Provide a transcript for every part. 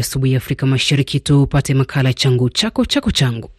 asubuhi ya Afrika Mashariki tu makala changu chako chako changu.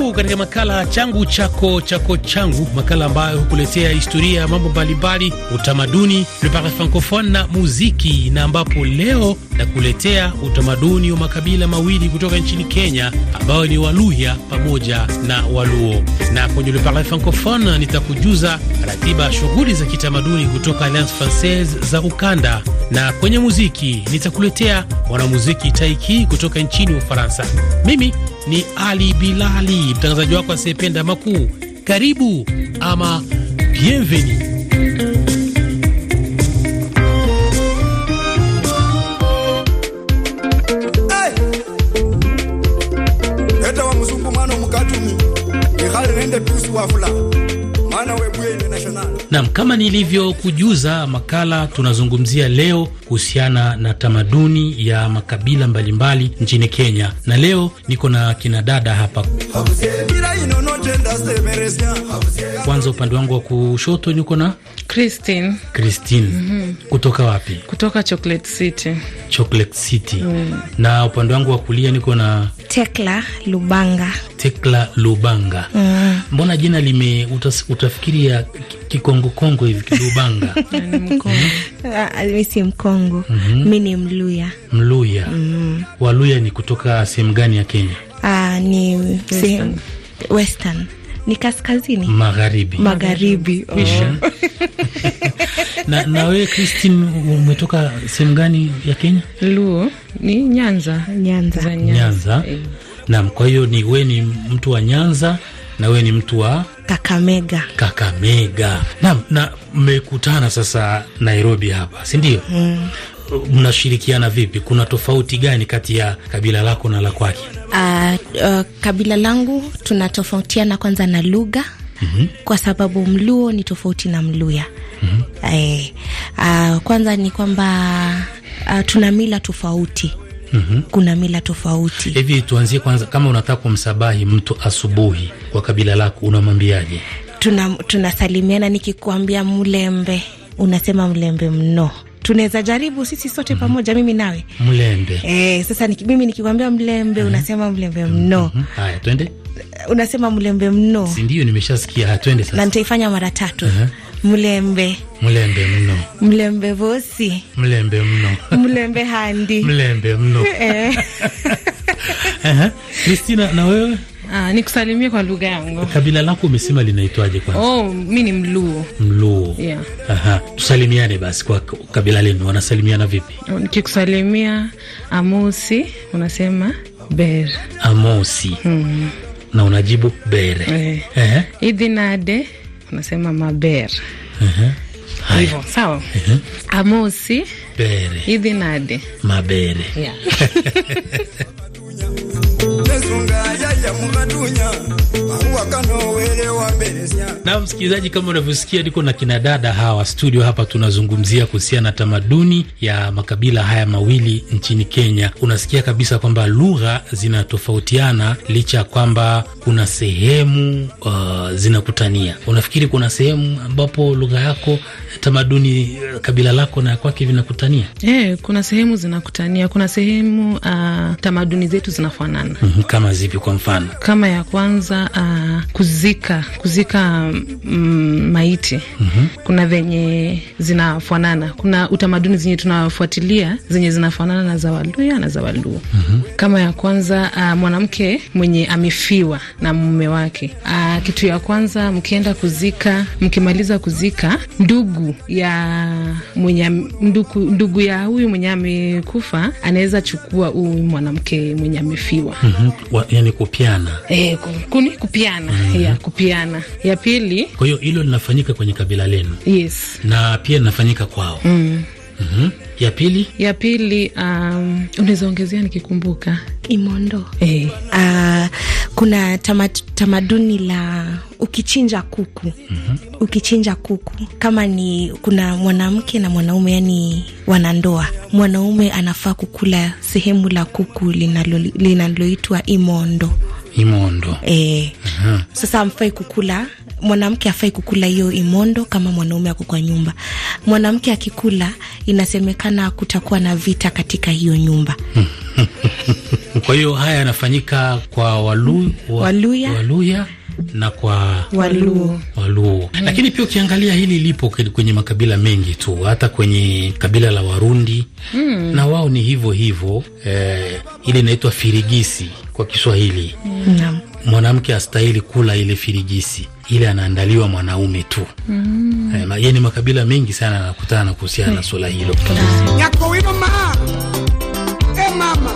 Karibu katika makala changu chako chako changu, makala ambayo hukuletea historia ya mambo mbalimbali, utamaduni, le parle francophone na muziki, na ambapo leo nakuletea utamaduni wa makabila mawili kutoka nchini Kenya ambayo ni Waluhya pamoja na Waluo, na kwenye le parle francophone nitakujuza ratiba ya shughuli za kitamaduni kutoka Alliance Francaise za ukanda, na kwenye muziki nitakuletea mwanamuziki Taiki kutoka nchini Ufaransa. Mimi ni Ali Bilali mtangazaji wako asiyependa makuu, karibu ama bienvenue. Nam, kama nilivyokujuza, makala tunazungumzia leo kuhusiana na tamaduni ya makabila mbalimbali mbali nchini Kenya, na leo niko na kina dada hapa. Kwanza upande wangu wa kushoto niko na Christine. Christine. Mm -hmm. Kutoka wapi? Kutoka Chocolate City. Chocolate City. Mm. Na upande wangu wa kulia niko na Tekla Lubanga. Tekla Lubanga. Mm. Mbona jina lime utas, utafikiria Kikongo Kongo hivi Lubanga? Ni Mkongo. Ah, ah, mimi si Mkongo. Mhm. Mimi ni Mluya. Mluya. Mm. Waluya ni kutoka sehemu gani ya Kenya? Ah, ni Western. Western ni kaskazini magharibi, magharibi. Oh. na, na wewe Christine umetoka sehemu gani ya Kenya? Luo ni Nyanza, Nyanza, Nyanza. Nyanza. E. Naam, kwa hiyo ni wewe ni mtu wa Nyanza na wewe ni mtu wa Kakamega. Kakamega. Naam, na mmekutana sasa Nairobi hapa, si ndio? Mm mnashirikiana vipi? Kuna tofauti gani kati ya kabila lako na la kwake? Uh, uh, kabila langu tunatofautiana kwanza na lugha mm -hmm. kwa sababu mluo ni tofauti na mluya mm -hmm. eh, uh, kwanza ni kwamba uh, tuna mila tofauti Mm -hmm. Kuna mila tofauti hivi. Tuanzie kwanza, kama unataka kumsabahi mtu asubuhi kwa kabila lako unamwambiaje? Tunasalimiana, tuna nikikuambia mlembe, unasema mlembe mno tunaweza jaribu sisi sote mm -hmm. pamoja, mimi nawe mlembe. E, sasa niki, mimi nikikwambia mlembe mm -hmm. unasema mlembe mno. mm -hmm. Haya, twende. Eh, unasema mlembe mno, si ndio? Nimeshasikia, twende sasa, na nitaifanya mara tatu. uh -huh. Mlembe, mlembe mno, mlembe vosi, mlembe mno, mlembe handi, mlembe mno. eh Kristina, na wewe Ah, ni kusalimia kwa lugha yangu. Kabila lako umesema linaitwaje kwanza? Oh, mimi ni Mluo. Mluo. Yeah. Aha. Tusalimiane basi kwa kabila lenu wanasalimiana vipi? Oh, nikikusalimia Amosi, unasema Ber. Amosi. Mm. Na unajibu Bere. Eh. Eh. Idi nade unasema Maber. Eh. Hivyo, sawa. Uh -huh. Amosi. Bere. nade. Mabere. Yeah. na msikilizaji, kama unavyosikia, niko na kinadada hawa studio hapa, tunazungumzia kuhusiana na tamaduni ya makabila haya mawili nchini Kenya. Unasikia kabisa kwamba lugha zinatofautiana licha ya kwamba kuna sehemu uh, zinakutania. Unafikiri kuna sehemu ambapo lugha yako, tamaduni, uh, kabila lako na kwake vinakutania? Eh, kuna sehemu zinakutania, kuna sehemu uh, tamaduni zetu zinafanana. mm -hmm kama zipi? Kwa mfano kama ya kwanza uh, kuzika kuzika mm, maiti mm -hmm. Kuna venye zinafanana, kuna utamaduni zenye tunafuatilia zenye zinafanana na za Waluya na za Waluo mm -hmm. Kama ya kwanza uh, mwanamke mwenye amefiwa na mume wake uh, kitu ya kwanza mkienda kuzika, mkimaliza kuzika, ndugu ya mwenye ndugu, ndugu ya huyu mwenye amekufa anaweza chukua huyu mwanamke mwenye amefiwa mm -hmm wa, yani kupiana eh, kuni kupiana mm -hmm. ya kupiana ya pili. Kwa hiyo hilo linafanyika kwenye kabila lenu? Yes, na pia linafanyika kwao mm. Mm -hmm. Ya pili ya pili, um, unaweza ongezea nikikumbuka imondo eh. Uh, kuna tamaduni la ukichinja kuku mm -hmm. Ukichinja kuku kama ni kuna mwanamke na mwanaume, yani wanandoa, mwanaume anafaa kukula sehemu la kuku linaloitwa imondo imondo. E, sasa amfai kukula mwanamke afai kukula hiyo imondo kama mwanaume ako kwa nyumba. Mwanamke akikula, inasemekana kutakuwa na vita katika hiyo nyumba. Kwa hiyo haya yanafanyika kwa walu, wa, Waluya, Waluya na kwa Waluo, Waluo. Hmm. Lakini pia ukiangalia hili lipo kwenye makabila mengi tu, hata kwenye kabila la Warundi hmm, na wao ni hivyo hivyo eh, ile inaitwa firigisi kwa Kiswahili hmm. Mwanamke astahili kula ile firigisi ile anaandaliwa mwanaume tu mm. Eh, ma, makabila mengi sana anakutana na kuhusiana na swala hilo yako wino ma e mama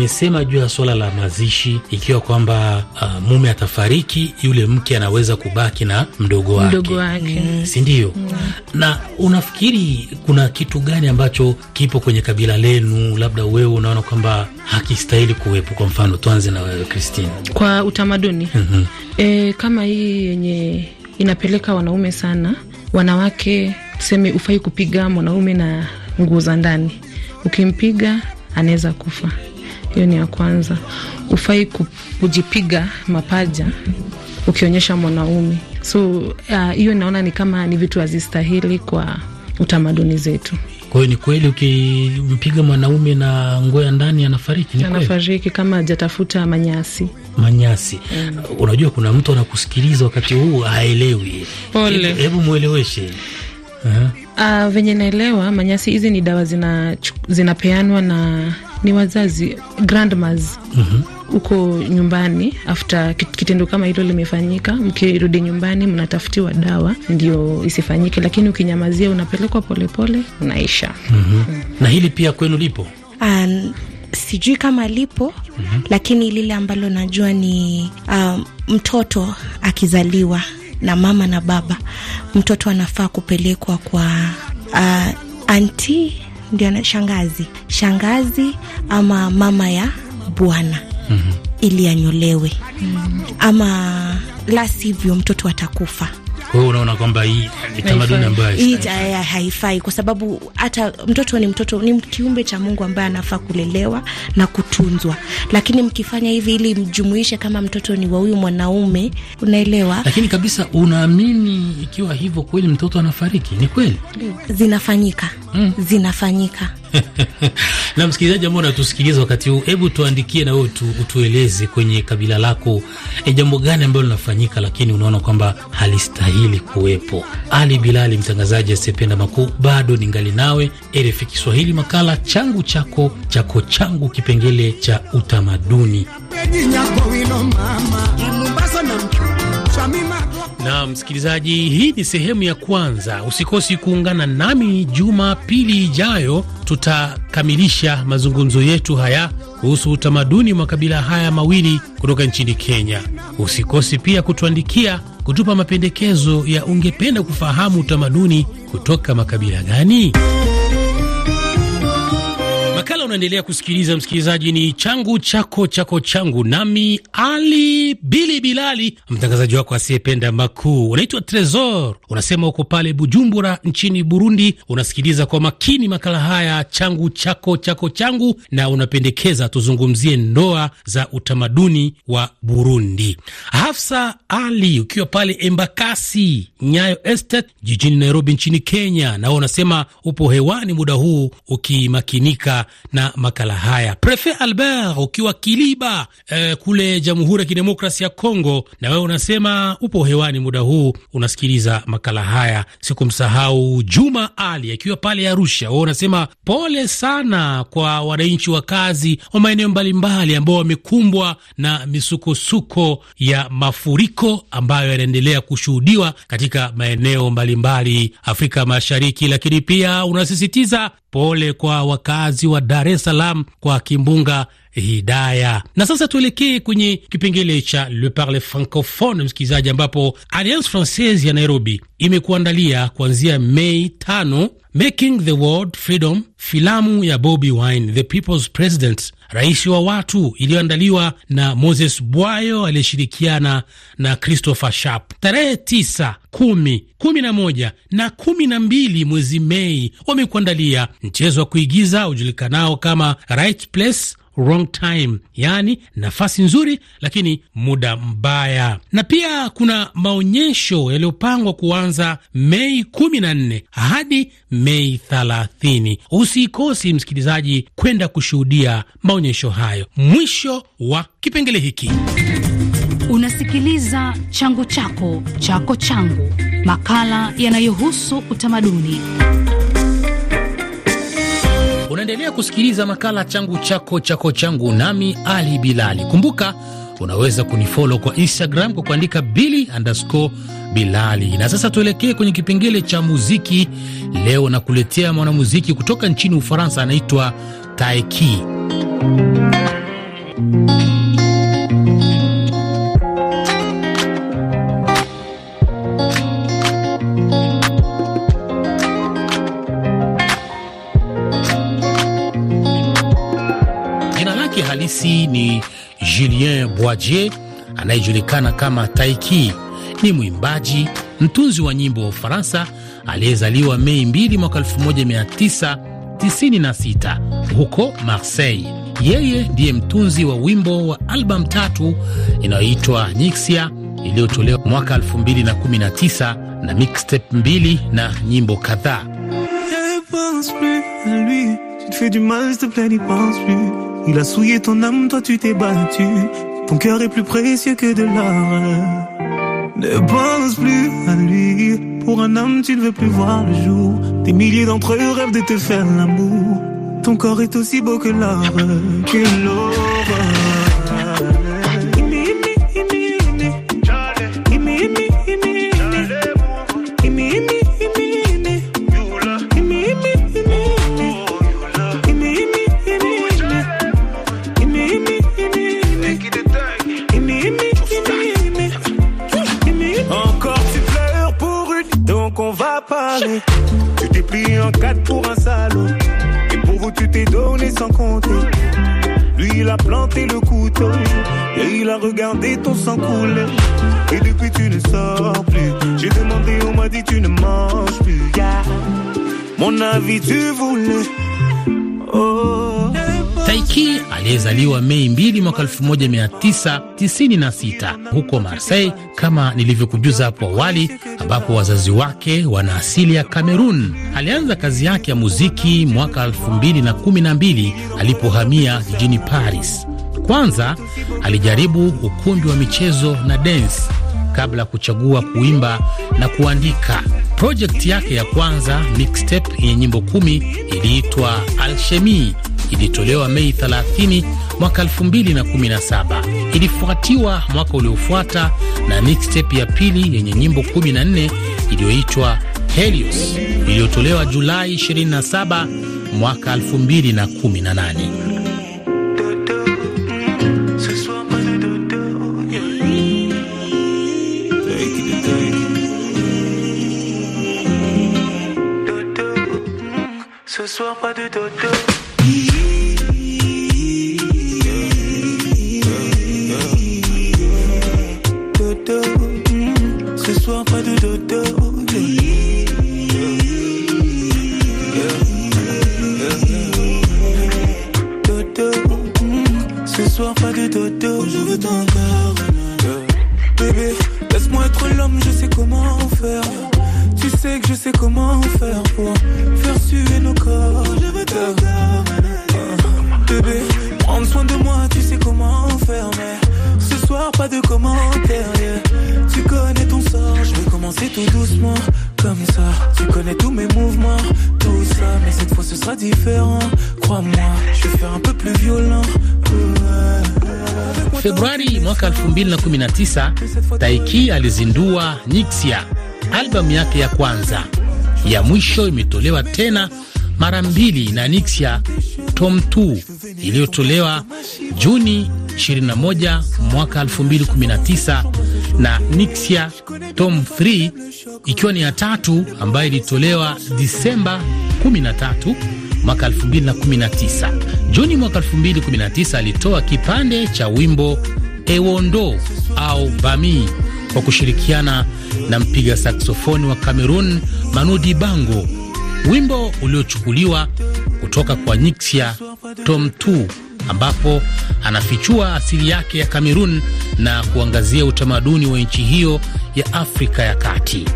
umesema juu ya swala la mazishi, ikiwa kwamba uh, mume atafariki, yule mke anaweza kubaki na mdogo wake, mdogo wake. Mm. si ndio? Mm. Na unafikiri kuna kitu gani ambacho kipo kwenye kabila lenu, labda wewe unaona kwamba hakistahili kuwepo? Kwa mfano tuanze na wewe Christine, kwa utamaduni mm -hmm. E, kama hii yenye inapeleka wanaume sana, wanawake tuseme, ufai kupiga mwanaume na nguo za ndani, ukimpiga anaweza kufa. Hiyo ni ya kwanza. Ufai kujipiga mapaja ukionyesha mwanaume, so uh, hiyo uh, naona ni kama ni vitu hazistahili kwa utamaduni zetu. Kwa hiyo ni kweli ukimpiga mwanaume na nguo ya ndani anafariki, ni anafariki kama hajatafuta manyasi manyasi. Mm. Unajua, kuna mtu anakusikiliza wakati huu haelewi, hebu mweleweshe. Uh, venye naelewa manyasi hizi ni dawa zinapeanwa zina na ni wazazi grandmas mhm. huko mm -hmm. nyumbani after kitendo kama hilo limefanyika, mkirudi nyumbani mnatafutiwa dawa ndio isifanyike, lakini ukinyamazia unapelekwa polepole unaisha. mm -hmm. mm. na hili pia kwenu lipo? Um, sijui kama lipo mm -hmm. lakini lile ambalo najua ni um, mtoto akizaliwa na mama na baba, mtoto anafaa kupelekwa kwa uh, anti ndio shangazi, shangazi ama mama ya bwana mm -hmm. ili anyolewe mm -hmm. ama la sivyo mtoto atakufa. Kwa hiyo unaona kwamba hii ni tamaduni ambayo haifai, kwa sababu hata mtoto ni mtoto, ni kiumbe cha Mungu ambaye anafaa kulelewa na kutunzwa, lakini mkifanya hivi ili mjumuishe kama mtoto ni wa huyu mwanaume, unaelewa. Lakini kabisa, unaamini ikiwa hivyo kweli mtoto anafariki? Ni kweli zinafanyika, mm. zinafanyika na msikilizaji ambao unatusikiliza wakati huu, hebu tuandikie na wewe utueleze kwenye kabila lako e, jambo gani ambalo linafanyika lakini unaona kwamba halistahili kuwepo. Ali Bilali, mtangazaji asiyependa makuu, bado ni ngali nawe RFI Kiswahili, makala changu chako chako changu, kipengele cha utamaduni na msikilizaji, hii ni sehemu ya kwanza. Usikosi kuungana nami juma pili ijayo, tutakamilisha mazungumzo yetu haya kuhusu utamaduni wa makabila haya mawili kutoka nchini Kenya. Usikosi pia kutuandikia kutupa mapendekezo ya ungependa kufahamu utamaduni kutoka makabila gani unaendelea kusikiliza msikilizaji, ni changu chako chako changu, nami Ali Bili Bilali, mtangazaji wako asiyependa makuu. Unaitwa Tresor, unasema uko pale Bujumbura nchini Burundi, unasikiliza kwa makini makala haya changu chako chako changu, na unapendekeza tuzungumzie ndoa za utamaduni wa Burundi. Hafsa Ali, ukiwa pale Embakasi Nyayo Estate jijini Nairobi nchini Kenya, nao unasema upo hewani muda huu ukimakinika na na makala haya. Prefe Albert, ukiwa Kiliba eh, kule Jamhuri ya Kidemokrasi ya Kongo, na wewe unasema upo hewani muda huu unasikiliza makala haya. Sikumsahau Juma Ali akiwa pale Arusha, wewe unasema pole sana kwa wananchi wakazi wa maeneo mbalimbali ambao wamekumbwa na misukosuko ya mafuriko ambayo yanaendelea kushuhudiwa katika maeneo mbalimbali Afrika Mashariki, lakini pia unasisitiza Pole kwa wakazi wa Dar es Salaam kwa kimbunga Hidaya. Na sasa tuelekee kwenye kipengele cha Le Parle Francophone, msikilizaji, ambapo Alliance Francaise ya Nairobi imekuandalia kuanzia Mei tano Making the World Freedom, filamu ya Bobi Wine the People's President, rais wa watu, iliyoandaliwa na Moses Bwayo aliyeshirikiana na Christopher Sharp. Tarehe tisa, kumi, kumi na moja na kumi na mbili mwezi Mei wamekuandalia mchezo wa kuigiza ujulikanao kama Right Place wrong time, yaani nafasi nzuri lakini muda mbaya. Na pia kuna maonyesho yaliyopangwa kuanza Mei 14 hadi Mei 30 Usikosi msikilizaji, kwenda kushuhudia maonyesho hayo. Mwisho wa kipengele hiki. Unasikiliza changu chako chako changu, makala yanayohusu utamaduni. Unaendelea kusikiliza makala changu chako chako changu, nami Ali Bilali. Kumbuka unaweza kunifolo kwa Instagram kwa kuandika bili underscore bilali. Na sasa tuelekee kwenye kipengele cha muziki. Leo nakuletea mwanamuziki kutoka nchini Ufaransa, anaitwa Taiki. Boajier anayejulikana kama Taiki ni mwimbaji, mtunzi wa nyimbo wa Ufaransa aliyezaliwa Mei 2 mwaka 1996 huko Marseille. Yeye ndiye mtunzi wa wimbo wa albamu tatu inayoitwa Nyxia iliyotolewa mwaka 2019 na, na mixtape mbili na nyimbo kadhaa. Ton cœur est plus précieux que de l'or. Ne pense plus à lui. Pour un homme, tu ne veux plus voir le jour. Des milliers d'entre eux rêvent de te faire l'amour. Ton corps est aussi beau que l'or, que l'or Tu t'es pris en quatre pour un salaud. Et pour vous, tu t'es donné sans compter. Lui, il a planté le couteau. Et il a regardé ton sang couler. Et depuis, tu ne sors plus. J'ai demandé, on m'a dit, tu ne manges plus. Mon avis, tu voulais. Oh. Taiki aliyezaliwa Mei 2 mwaka 1996 huko Marseille, kama nilivyokujuza hapo awali, ambapo wazazi wake wana asili ya Kamerun. Alianza kazi yake ya muziki mwaka 2012 alipohamia jijini Paris. Kwanza alijaribu ukumbi wa michezo na dance kabla ya kuchagua kuimba na kuandika. Projekti yake ya kwanza mixtape yenye nyimbo kumi iliitwa Alchemie ilitolewa Mei 30 mwaka 2017. Ilifuatiwa mwaka uliofuata na mixtape ya pili yenye nyimbo 14 iliyoitwa Helios iliyotolewa Julai 27 mwaka 2018. pas de do soir pas de dodo. ce soir pas de dodo. Je veux ton bébé. Laisse-moi être l'homme, je sais comment faire. Tu sais que je sais comment. mwaka 2019 Taiki alizindua Nixia, albamu yake ya kwanza. Ya mwisho imetolewa tena mara mbili na Nixia Tom 2 iliyotolewa Juni 21 mwaka 2019 na Nixia Tom 3 ikiwa ni ya tatu ambayo ilitolewa Disemba 13 mwaka 2019. Juni mwaka 2019 alitoa kipande cha wimbo Ewondo au Bami kwa kushirikiana na mpiga saksofoni wa Cameroon Manu Dibango, wimbo uliochukuliwa kutoka kwa Nyxia Tom 2 ambapo anafichua asili yake ya Kamerun na kuangazia utamaduni wa nchi hiyo ya Afrika ya Kati.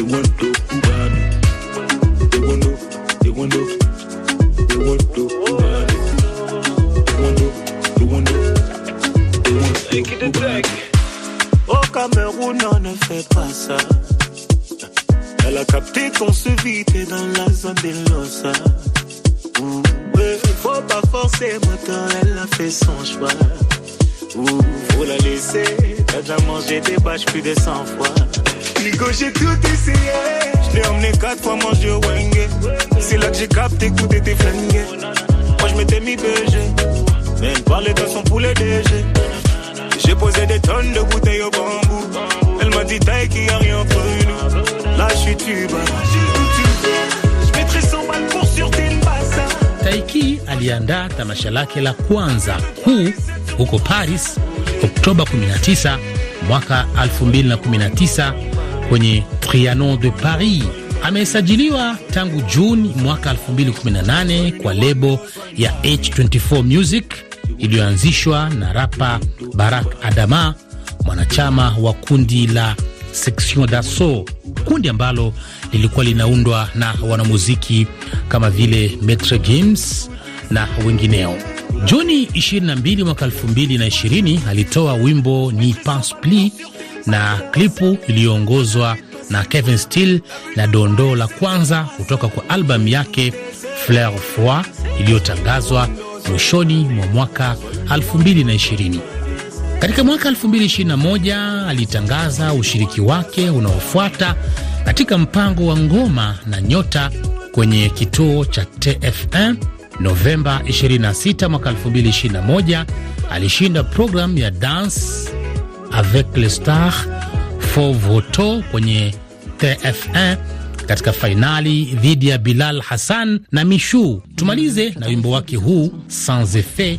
Oh Cameroun, on ne fait pas ça. Elle a capté qu'on se vidait dans la zone des Losa. Eh, faut pas forcer, maintenant elle a fait son choix. faut la laisser, t'as déjà mangé des bâches plus de 100 fois j'ai tout essayé. Je l'ai emmené quatre fois manger au Wenge. C'est là que j'ai capté que tout était flingué. Moi, je m'étais mis BG. Mais elle parlait de son poulet DG. J'ai posé des tonnes de bouteilles au bambou. Elle m'a dit, taille qu'il n'y a rien pour nous. Là, je suis tuba. Je mettrai son mal pour sur Tinbasa. Taiki aliandaa tamasha lake la kwanza kuu huko Paris Oktoba 19 mwaka 2019 kwenye Trianon de Paris. Amesajiliwa tangu Juni mwaka 2018 kwa lebo ya H24 Music iliyoanzishwa na rapa Barak Adama, mwanachama wa kundi la Section d'Assaut, kundi ambalo lilikuwa linaundwa na wanamuziki kama vile Metre Gims na wengineo. Juni 22 mwaka 2020 alitoa wimbo ni pansepli plus na klipu iliyoongozwa na Kevin Stil na dondoo la kwanza kutoka kwa albamu yake Fleur Foi iliyotangazwa mwishoni mwa mwaka 2020. Katika mwaka 2021 alitangaza ushiriki wake unaofuata katika mpango wa ngoma na nyota kwenye kituo cha TF1. Novemba 26 mwaka 2021 alishinda programu ya Dance avec le star Stars Fovoto kwenye TF1 katika fainali dhidi ya Bilal Hassan na Mishu. Tumalize na wimbo wake huu sans effet.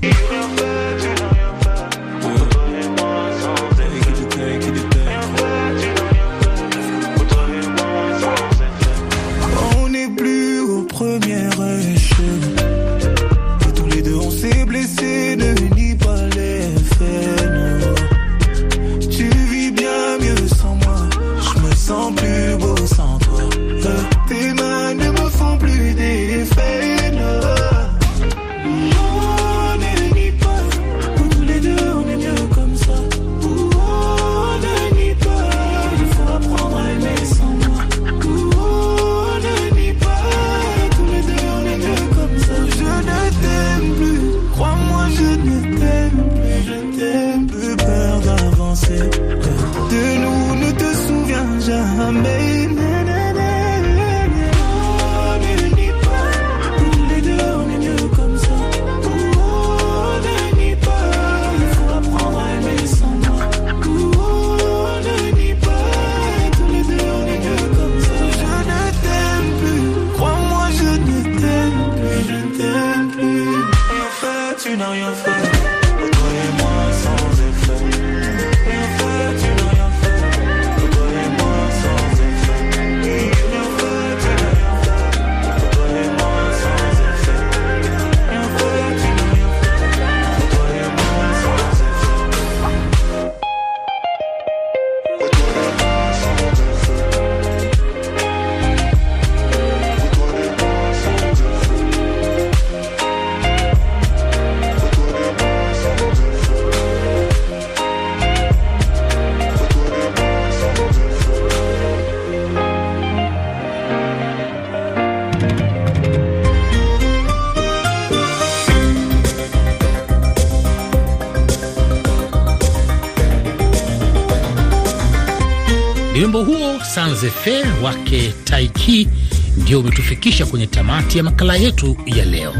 Zefe wake Taiki ndio umetufikisha kwenye tamati ya makala yetu ya leo.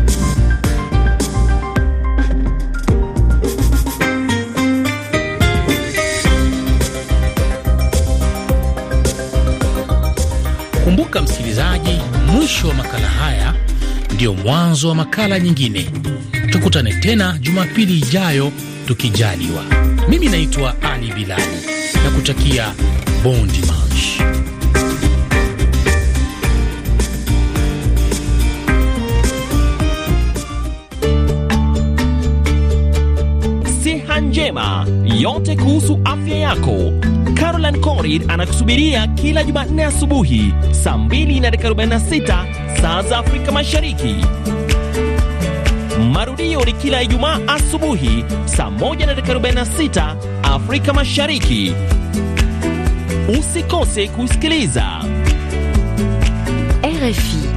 Kumbuka msikilizaji, mwisho wa makala haya ndiyo mwanzo wa makala nyingine. Tukutane tena Jumapili ijayo tukijaliwa. Mimi naitwa Ali Bilali na kutakia bon dimanche. yote kuhusu afya yako. carolin Corid anakusubiria kila Jumanne asubuhi saa 2 na dakika 46 saa za Afrika Mashariki. Marudio ni kila Ijumaa asubuhi saa 1 na dakika 46 Afrika Mashariki. Usikose kusikiliza RFI.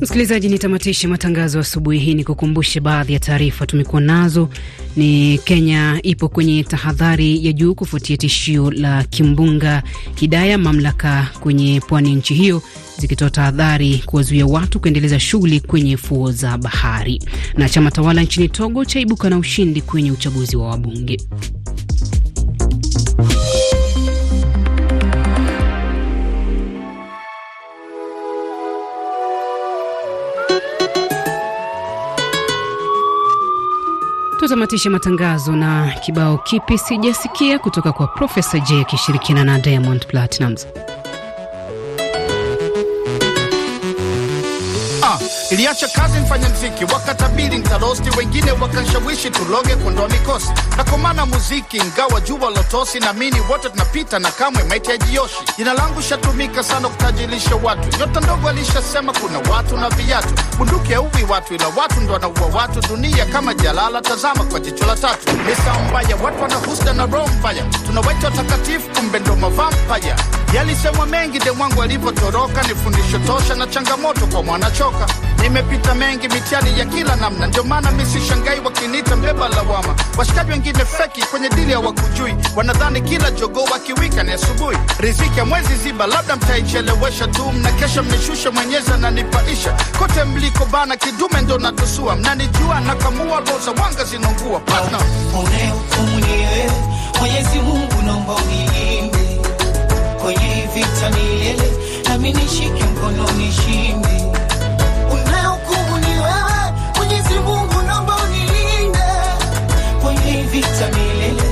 Msikilizaji, nitamatishe matangazo asubuhi hii ni kukumbushe baadhi ya taarifa tumekuwa nazo. Ni Kenya ipo kwenye tahadhari ya juu kufuatia tishio la kimbunga Hidaya, mamlaka kwenye pwani ya nchi hiyo zikitoa tahadhari kuwazuia watu kuendeleza shughuli kwenye fuo za bahari. Na chama tawala nchini Togo chaibuka na ushindi kwenye uchaguzi wa wabunge. tutamatisha matangazo na kibao kipi sijasikia kutoka kwa Profesa J akishirikiana na Diamond Platnumz. Iliacha kazi mfanya mziki, wakatabiri ntarosti, wengine wakanshawishi tuloge kuondoa mikosi na komana muziki, ingawa jua lotosi, na mini wote tunapita na kamwe maiti ya jioshi. Jina langu shatumika sana kutajilisha watu, nyota ndogo alishasema kuna watu na viatu, bunduki auvi watu, ila watu ndo wanaua watu. Dunia kama jalala, tazama kwa jicho la tatu. Misa saa mbaya, watu wanahusta na roho mbaya, tunaweta watakatifu, kumbe ndo mavampaya Yalisemwa mengi de mwangu alipotoroka, ni fundisho tosha na changamoto kwa mwanachoka. Nimepita mengi mitiani ya kila namna, ndio maana mimi sishangai wakinita mbeba lawama. Washikaji wengine feki kwenye dili ya wakujui wanadhani kila jogo wakiwika ni asubuhi. Riziki ya mwezi ziba, labda mtaichelewesha tu, mna kesha mnishushe, Mwenyezi ananipaisha. Kote mliko bana, kidume ndo natusua, mnanijua na kamua za wanga zinaungua. Partner, oh, ni oh, Mwenyezi Mungu, naomba unilinde kwenye vita milele, nami nishike mkono nishinde. Unaokumu ni wewe Mwenyezi Mungu, naomba unilinde kwenye vita milele,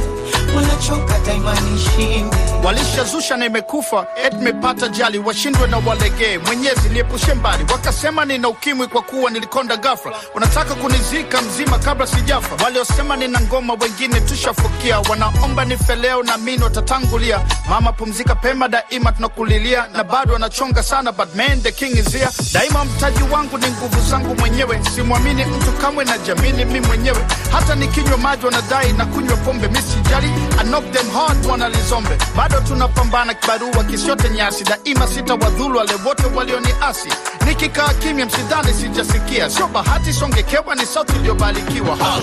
unachoka daima nishinde Walishazusha na imekufa, et mepata jali, washindwe na walegee. Mwenyezi niepushe mbali, wakasema nina ukimwi kwa kuwa nilikonda ghafla. Wanataka kunizika mzima kabla sijafa. Waliosema nina ngoma, wengine tushafukia. Wanaomba ni feleo na mimi watatangulia. Mama pumzika pema, daima tunakulilia, na bado wanachonga sana, but man the king is here. Daima mtaji wangu ni nguvu zangu mwenyewe, simwamini mtu kamwe, na jamini mi mwenyewe. Hata nikinywa maji wanadai na kunywa pombe, misi jali I knock them hard, wanalizombe bado tunapambana kibarua kisiote nyasi, daima sitawadhulu wale wote walioniasi. Nikikaa kimya, msidhani sijasikia, sio bahati, songekewa ni sauti iliyobarikiwa. Hala,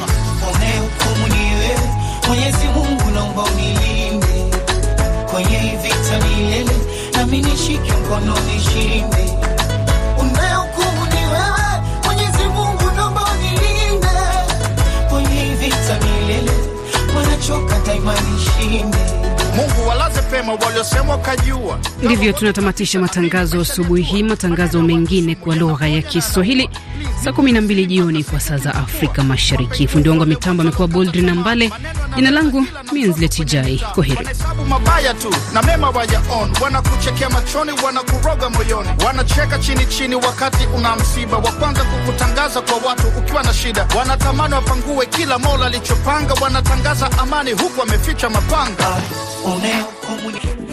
ah, one ni wewe Mwenyezi Mungu, naomba unilinde kwenye vita milele, nami nishike mkono nishinde waliosema waliosema wakajua. Ndivyo tunatamatisha matangazo asubuhi hii. Matangazo mengine kwa lugha ya Kiswahili saa 12 jioni kwa saa za Afrika Mashariki. Fundi wangu wa mitambo amekuwa Boldri na Mbale. Jina langu Minzletijai, kwa heri. Mabaya tu na mema wayaon, wanakuchekea machoni, wanakuroga moyoni, wanacheka chini chini wakati una msiba, wa kwanza kukutangaza kwa watu ukiwa na shida, wanatamani wapangue kila mola alichopanga, wanatangaza amani huku wameficha mapanga. when you